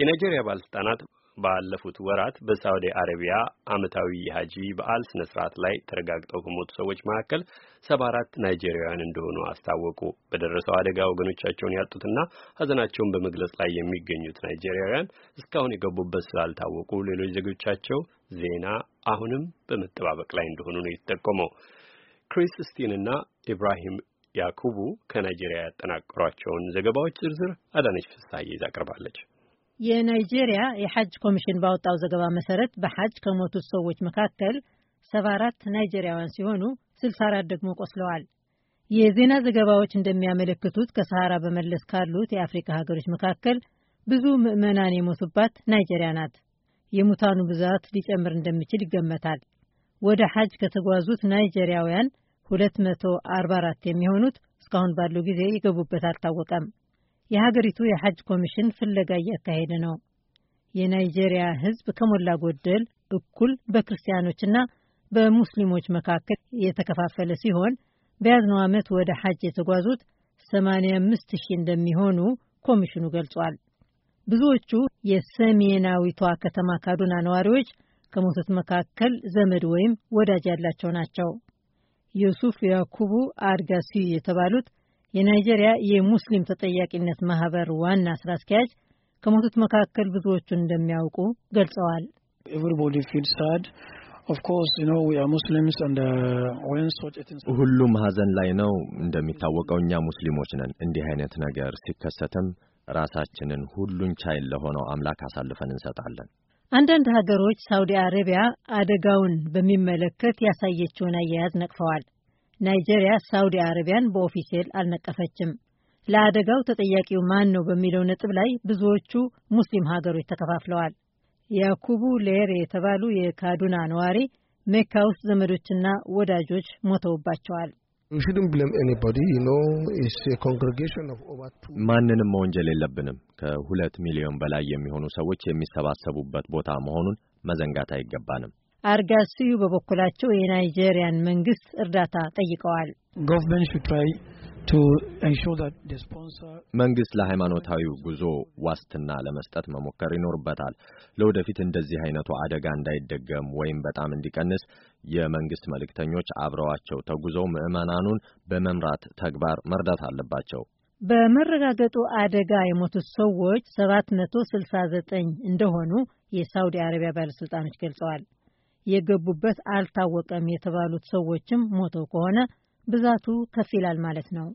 የናይጄሪያ ባለስልጣናት ባለፉት ወራት በሳውዲ አረቢያ አመታዊ የሀጂ በዓል ስነ ስርዓት ላይ ተረጋግጠው ከሞቱ ሰዎች መካከል ሰባ አራት ናይጄሪያውያን እንደሆኑ አስታወቁ። በደረሰው አደጋ ወገኖቻቸውን ያጡትና ሀዘናቸውን በመግለጽ ላይ የሚገኙት ናይጄሪያውያን እስካሁን የገቡበት ስላልታወቁ ሌሎች ዜጎቻቸው ዜና አሁንም በመጠባበቅ ላይ እንደሆኑ ነው የተጠቆመው። ክሪስ ስቲንና ኢብራሂም ያኩቡ ከናይጄሪያ ያጠናቀሯቸውን ዘገባዎች ዝርዝር አዳነች ፍሳሐ ይዛ ቀርባለች። የናይጄሪያ የሐጅ ኮሚሽን ባወጣው ዘገባ መሰረት በሐጅ ከሞቱት ሰዎች መካከል 74 ናይጄሪያውያን ሲሆኑ 64 ደግሞ ቆስለዋል። የዜና ዘገባዎች እንደሚያመለክቱት ከሰሃራ በመለስ ካሉት የአፍሪካ ሀገሮች መካከል ብዙ ምዕመናን የሞቱባት ናይጄሪያ ናት። የሙታኑ ብዛት ሊጨምር እንደሚችል ይገመታል። ወደ ሐጅ ከተጓዙት ናይጄሪያውያን 244 የሚሆኑት እስካሁን ባለው ጊዜ የገቡበት አልታወቀም። የሀገሪቱ የሐጅ ኮሚሽን ፍለጋ እያካሄደ ነው። የናይጄሪያ ሕዝብ ከሞላ ጎደል እኩል በክርስቲያኖችና በሙስሊሞች መካከል የተከፋፈለ ሲሆን በያዝነው ዓመት ወደ ሐጅ የተጓዙት 85 ሺህ እንደሚሆኑ ኮሚሽኑ ገልጿል። ብዙዎቹ የሰሜናዊቷ ከተማ ካዱና ነዋሪዎች ከሞቱት መካከል ዘመድ ወይም ወዳጅ ያላቸው ናቸው። ዮሱፍ ያኩቡ አድጋሲ የተባሉት የናይጄሪያ የሙስሊም ተጠያቂነት ማህበር ዋና ስራ አስኪያጅ ከሞቱት መካከል ብዙዎቹ እንደሚያውቁ ገልጸዋል። uh, ሁሉም ሀዘን ላይ ነው። እንደሚታወቀው እኛ ሙስሊሞች ነን። እንዲህ አይነት ነገር ሲከሰትም ራሳችንን ሁሉን ቻይን ለሆነው አምላክ አሳልፈን እንሰጣለን። አንዳንድ ሀገሮች ሳውዲ አረቢያ አደጋውን በሚመለከት ያሳየችውን አያያዝ ነቅፈዋል። ናይጄሪያ ሳውዲ አረቢያን በኦፊሴል አልነቀፈችም። ለአደጋው ተጠያቂው ማን ነው በሚለው ነጥብ ላይ ብዙዎቹ ሙስሊም ሀገሮች ተከፋፍለዋል። ያኩቡ ሌር የተባሉ የካዱና ነዋሪ ሜካ ውስጥ ዘመዶችና ወዳጆች ሞተውባቸዋል። ማንንም መወንጀል የለብንም። ከሁለት ሚሊዮን በላይ የሚሆኑ ሰዎች የሚሰባሰቡበት ቦታ መሆኑን መዘንጋት አይገባንም። ስዩ በበኩላቸው የናይጄሪያን መንግስት እርዳታ ጠይቀዋል። መንግስት ለሃይማኖታዊው ጉዞ ዋስትና ለመስጠት መሞከር ይኖርበታል። ለወደፊት እንደዚህ አይነቱ አደጋ እንዳይደገም ወይም በጣም እንዲቀንስ የመንግስት መልእክተኞች አብረዋቸው ተጉዘው ምዕመናኑን በመምራት ተግባር መርዳት አለባቸው። በመረጋገጡ አደጋ የሞቱት ሰዎች 769 እንደሆኑ የሳውዲ አረቢያ ባለስልጣኖች ገልጸዋል። የገቡበት አልታወቀም የተባሉት ሰዎችም ሞተው ከሆነ ብዛቱ ከፍ ይላል ማለት ነው።